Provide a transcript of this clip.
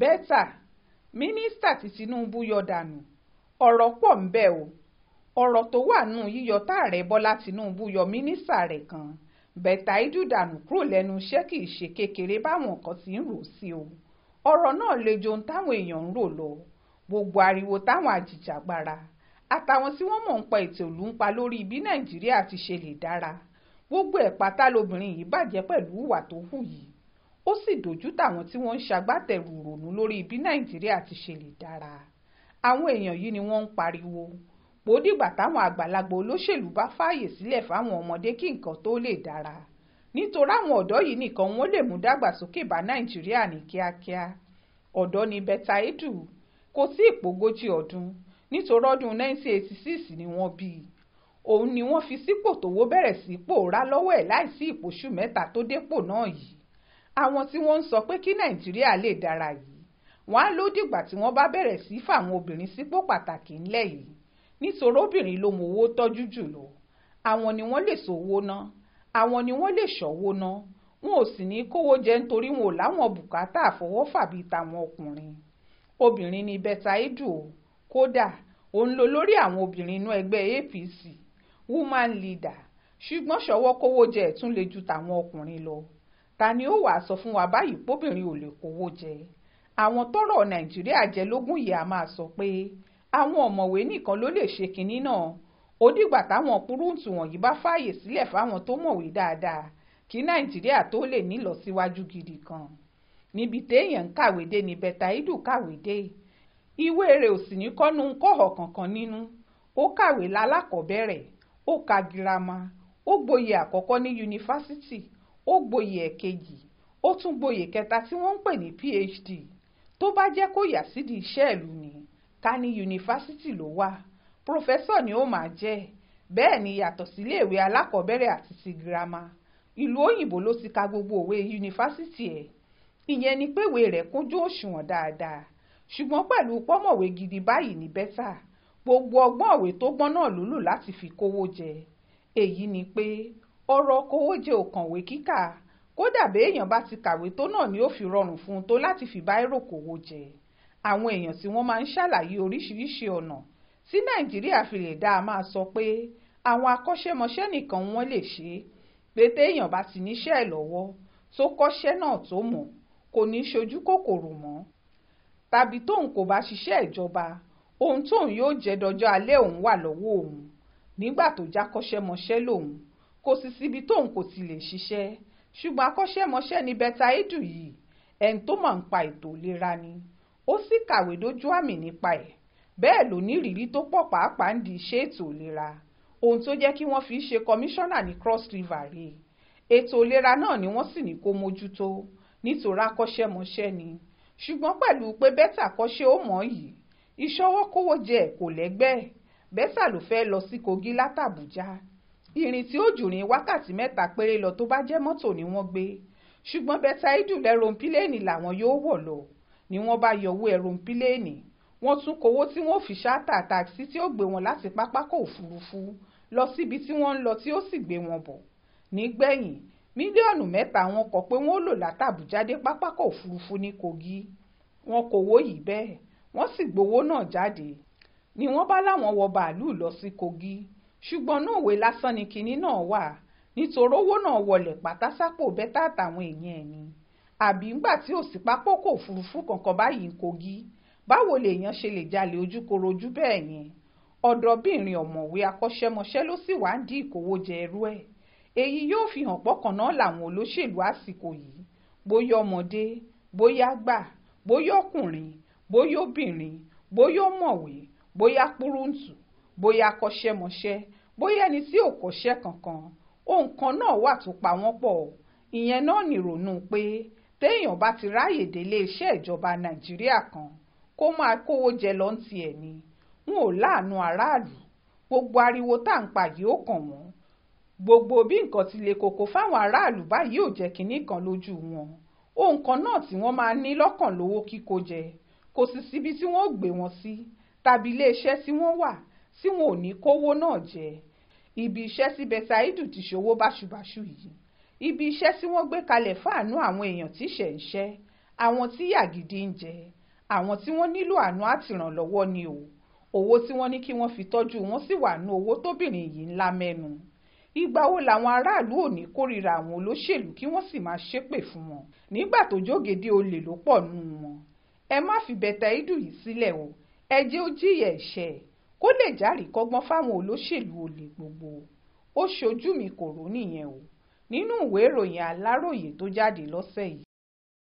bẹ́tà mínísítà tí Tinubu yọ dànù ọ̀rọ̀ pọ̀ ń bẹ o ọ̀rọ̀ tó wà nù yíyọ táàrẹ Bọ́lá Tinubu yọ mínísítà rẹ̀ kan bẹ́tà ìdú dànù kúrò lẹ́nu iṣẹ́ kì í ṣe kékeré báwọn kan ti ń rò sí o ọ̀rọ̀ náà le jo ohun táwọn èèyàn ń rò lọ gbogbo ariwo táwọn àjìjàgbara àtàwọn tí wọ́n mọ̀ ń pa ètò ìlú ń pa lórí bí Nàìjíríà ti ṣe lè dára gbogbo ẹ̀ pátá lobìnrin yìí bàjẹ́ pẹ̀lú ìwà tó hù yìí ó sì dojú tàwọn tí wọ́n ń ṣagbátẹrù ìrònú lórí bí nàìjíríà ti ṣe lè dára àwọn èèyàn yìí ni wọ́n ń pariwo pòódìgbà táwọn àgbàlagbà olóṣèlú bá fààyè sílẹ̀ fáwọn ọmọdé kí nǹkan tó lè dára nítorí àwọn ọ̀dọ́ yìí nìkan wọ́n lè mú dàgbàsókè bá nàìjíríà ní kíákíá ọ̀dọ́ ni bẹ́tà edu kò sí ìpogójì ọdún nítorí ọdún 1986 ni wọ́n bí òun ni wọ́n fi sípò tówó bẹ̀rẹ̀ sí pòórá lọ́wọ́ ẹ̀ láìsí ìpòṣù mẹ́ta tó dépò náà yìí àwọn tí wọ́n ń sọ pé kí nàìjíríà lè dára yìí wọ́n á ló dìgbà tí wọ́n bá bẹ̀rẹ̀ sí fáwọn obìnrin sípò pàtàkì ńlẹ̀ yìí nítorí obìnrin ló mọ owó tọ́jú jùlọ àwọn ni wọ́n lè sòwò ná àwọn ni wọ́n lè ṣọ́wó ná wọn ò sì ní kówó jẹ nítorí wọn ò láwọn bùkátà àfọwọ́fà bíi tàwọn ọkùnrin obìnrin ni bẹ́tà edu o kódà òun ló lórí àwọn obìnrin inú ẹgbẹ́ APC woman leader ṣùgbọ́n ṣọwọ́ kówó jẹ ẹ̀ tún lè ju tàwọn ọkùnrin lọ ta ni ó wàá sọ fún wa báyìí póbìnrin ò lè kówó jẹ àwọn tọ́rọ̀ nàìjíríà jẹ lógún yìí a máa sọ pé àwọn ọ̀mọ̀wé nìkan ló lè ṣe kinní náà ó dìgbà táwọn púrúǹtù wọ̀nyí bá fààyè sílẹ̀ fáwọn tó mọ̀wé dáadáa kí nàìjíríà tó lè nílọsíwájú gidi kan níbi téèyàn ń kàwé dé ni Bẹ̀tàídù kàwé dé ìwé rẹ̀ ò sì ní kọ́nu kọ́họ̀ kankan nínú ó kàwé lálákọ̀ọ́bẹ̀rẹ̀ ó ka girama ó gboyè àkọ́kọ́ ní yunifásitì ó gboyè ẹ̀kejì ó tún gboyè kẹta tí wọ́n ń pè ní PhD tó bá jẹ́ kó yà sídìí iṣẹ́ ìlú ni ká ní yunifásitì ló wà pòfẹ́sọ̀ ni ó máa jẹ́ bẹ́ẹ̀ ni yàtọ̀ síléèwé alákọ̀ọ́bẹ̀rẹ̀ àti ti girama ìlú òyìnbó ló ti ka gbogbo òwe yunifásitì ẹ̀ ìyẹn ni péwe rẹ̀ kúnjú òṣùwọ̀n dáadáa ṣùgbọ́n pẹ̀lú pọ́mọ̀wé gidi báyìí ní bẹ́tà gbogbo ọgbọ́n òwe tó gbọ́n náà ló lò láti fi kówó jẹ èyí ni pé ọ̀rọ̀ kówójẹ ò kànwé kíkà kódà béèyàn bá ti kàwé tó náà ni ó fi rọrùn fún un tó láti fi báírò kówó jẹ àwọn èèyàn tí wọ́n máa ń ṣàlàyé oríṣiríṣi ọ̀nà tí nàìjíríà fi lè dá a máa sọ pé àwọn akọ́ṣẹ́mọṣẹ́ nìkan wọ́n lè ṣe é pé bá ti níṣẹ́ ẹ̀ lọ́wọ́ tó kọ́ṣẹ́ náà tó mọ̀ kò ní ṣojú kòkòrò mọ́ tàbí tóun kò bá ṣiṣẹ́ ìjọba ohun tóun yóò jẹ́ dọjọ́ alẹ́ òun wà lọ́wọ́ òun nígbà tó jákọ́ṣẹ́mọṣẹ́ lòun kò sì síbi tóun kò ti lè ṣiṣẹ́ ṣùgbọ́n akọ́ṣẹ́mọṣẹ́ ni bẹ́tà édù yìí ẹni tó mọ̀ ń pa ètò ìlera ni ó sì kàwé dójú àmì nípa ẹ̀ bẹ́ẹ̀ ló ní ìrírí tó pọ̀ pàápàá ń di iṣẹ́ ètò ìlera ohun tó jẹ́ kí wọ́n fi ṣe kọmíṣánná ní Cross River rè ètò ìlera náà ni wọ́n sì ní kó mójútó nítorí akọ́ṣẹ́mọṣẹ́ ni ṣùgbọ́n pẹ̀lú pé bẹ́tà kọ́ṣẹ́ ó mọ̀ yìí ìṣọwọ́ kówó jẹ kò lẹ́gbẹ́ bẹ́tà ló fẹ́ lọ sí Kogi látàbújá ìrìn tí ó jù rìn wákàtí mẹ́ta péré lọ tó bá jẹ́ mọ́tò ni wọ́n gbé ṣùgbọ́n Bẹ̀táídù lẹ́rọ̀ǹpílẹ́ẹ̀nì làwọn yóò wọ̀ lọ ni wọ́n bá yọwọ́ ẹ̀rọ̀ǹpílẹ́ẹ̀nì wọ́n tún kówó tí wọ́n fi ṣáàtà tàkísí tí ó gbé wọn láti pápákọ̀ òfurufú lọ síbi tí wọ́n ń lọ tí ó sì gbé wọn bọ̀ nígbẹ̀yìn mílíọ̀nù mẹ́ta wọn kọ pé wọ́n lò látàbújá pápákọ̀ òfurufú ní Kogi wọn kówó yìí bẹ́ẹ̀ wọ́n sì gbowó náà jáde ni wọ́n bá láwọn wọ bàálù lọ sí Kogi ṣùgbọ́n náà òwe lásán ni kinní náà wà nítorí owó náà wọlé pátá bẹ́tà àtàwọn èèyàn ẹ̀ ni àbí ńgbà tí ò sí pápákọ̀ òfurufú kankan báyìí ń kogi báwo lèèyàn ṣe lè jalè ojúkorojú bẹ́ẹ̀ yẹn ọ̀dọ́bìnrin ọ̀mọ̀wé akọ́ṣẹ́mọṣẹ́ ló sì wá ń dí ìkówójẹ ẹrú ẹ̀ èyí yóò fi hàn pọ́kàn náà làwọn olóṣèlú àsìkò yìí bóyá ọmọdé bóyá àgbà bóyá ọkùnrin bóyá obìnrin bóyá ọ̀mọ̀wé bóyá púrúǹtù bóyá akọ́ṣẹ́mọṣẹ́ bóyá ẹni tí ò kọ́ṣẹ́ kankan ohun kan náà wà tó pa wọ́n pọ̀ ìyẹn náà nìrònú pé téèyàn bá ti ráàyè délé iṣẹ́ ìjọba nàìjíríà kan kó máa kówó jẹ lọ ń tiẹ̀ ni wọn ò láàánú aráàlú gbogbo ariwo tá à ń pa yìí ó kàn wọ́n gbogbo bí nǹkan ti le koko fáwọn aráàlú báyìí ò jẹ́ kinní kan lójú wọn ohun kan náà tí wọ́n máa ní lọ́kàn lówó kíkó jẹ kò sì síbi tí wọ́n gbé wọn sí tàbí iléeṣẹ́ tí wọ́n wà tí wọn ò ní kówó náà jẹ ibi iṣẹ́ tí Bẹ̀sáídù ti ṣòwò báṣubàṣu yìí ibi iṣẹ́ tí wọ́n gbé kalẹ̀ fáànú àwọn èèyàn tí ṣẹ̀ ń ṣẹ́ àwọn tí yàgìdì ń jẹ àwọn tí wọ́n nílò àánú àtìrànlọ́wọ́ ni o owó tí wọ́n ní kí wọ́n fi tọ́jú wọn sì wà nú owó tóbìnrin yìí ńlá mẹ́nu ìgbà wo làwọn aráàlú ò kórìíra àwọn olóṣèlú kí wọ́n sì máa ṣépè fún wọn nígbà tó jógede olè ló pọ̀ nù wọn ẹ má fi Bẹ̀sáídù yìí sílẹ̀ o ẹ jẹ́ ó jìyà ẹ̀ṣẹ̀ kó lè jàrí kọ́gbọ́n fáwọn olóṣèlú olè gbogbo ó ṣojú mi kò rò nìyẹn o nínú ìwé ìròyìn aláròye tó jáde lọ́sẹ̀ yìí